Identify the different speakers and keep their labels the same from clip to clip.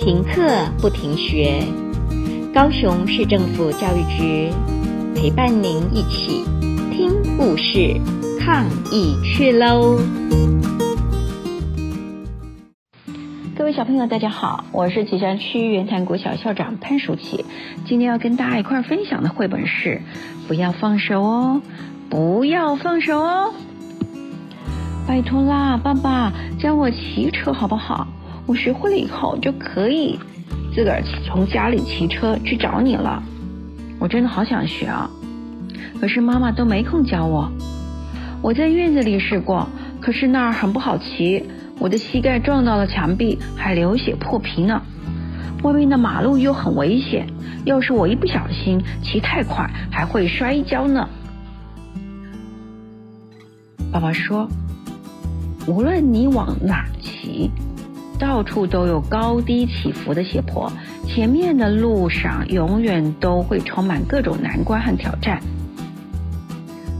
Speaker 1: 停課不停學，高雄市政府教育局陪伴您一起聽故事、抗疫趣嘍。各位小朋友，大家好，我是旗山區圓潭國小校長潘淑琦。今天要跟大家一塊分享的繪本是《不要放手哦，不要放手哦，拜託啦，爸爸教我騎車好不好？》我學會了以後就可以自個兒從家裡騎車去找你了。我真的好想學啊，可是媽媽都沒空教我。我在院子裡試過，可是那兒很不好騎，我的膝蓋撞到了牆壁，還流血破皮呢。外面的馬路又很危險，要是我一不小心騎太快，還會摔跤呢。爸爸說，無論你往哪兒騎。到處都有高低起伏的斜坡，前面的路上永遠都會充滿各種難關和挑戰。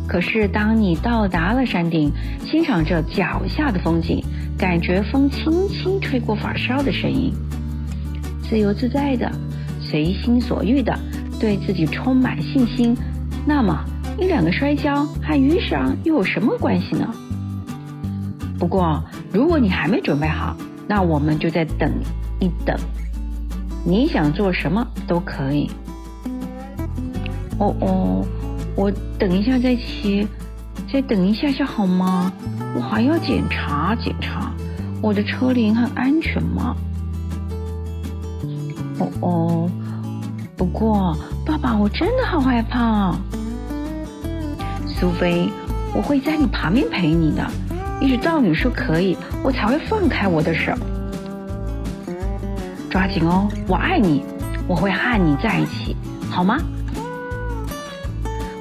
Speaker 1: 可是，當你到達了山頂，欣賞着腳下的風景，感覺風輕輕吹過髮梢的聲音，自由自在的，隨心所欲的，對自己充滿信心，那麼一兩個摔跤和瘀傷又有什麼關係呢？不過，如果你還沒準備好。那我們就再等一等，你想做什麼都可以。哦哦，我等一下再騎，再等一下下好嗎？我還要檢查檢查，我的車鈴很安全嗎？哦哦，不過爸爸，我真的好害怕。蘇菲，我會在你旁邊陪你的。一直到你說可以，我才會放開我的手。抓緊哦，我愛你，我會和你在一起，好嗎？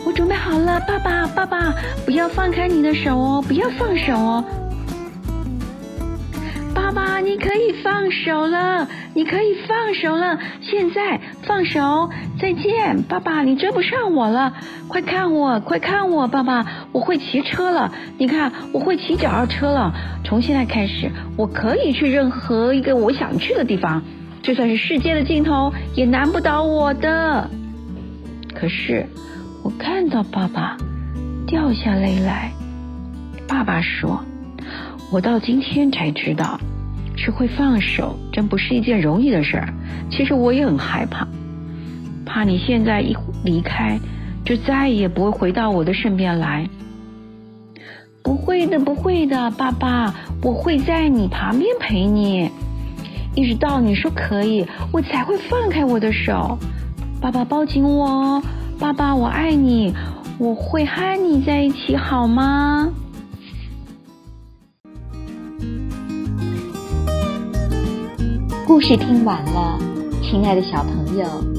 Speaker 1: 我準備好了，爸爸。爸爸，不要放開你的手哦，不要放手哦。爸爸，你可以放手了，你可以放手了，現在。放手，再見，爸爸，你追不上我了。快看我，快看我，爸爸，我會騎車了。你看，我會騎腳踏車了。從現在開始，我可以去任何一個我想去的地方，就算是世界的盡頭，也難不倒我的。可是，我看到爸爸掉下淚來，來。爸爸說：“我到今天才知道，學會放手真不是一件容易的事兒。其實我也很害怕。”怕你現在一離開，就再也不會回到我的身邊來。不會的，不會的，爸爸，我會在你旁邊陪你，一直到你說可以，我才會放開我的手。爸爸，抱緊我，爸爸，我愛你，我會和你在一起，好嗎？故事聽完了，親愛的小朋友。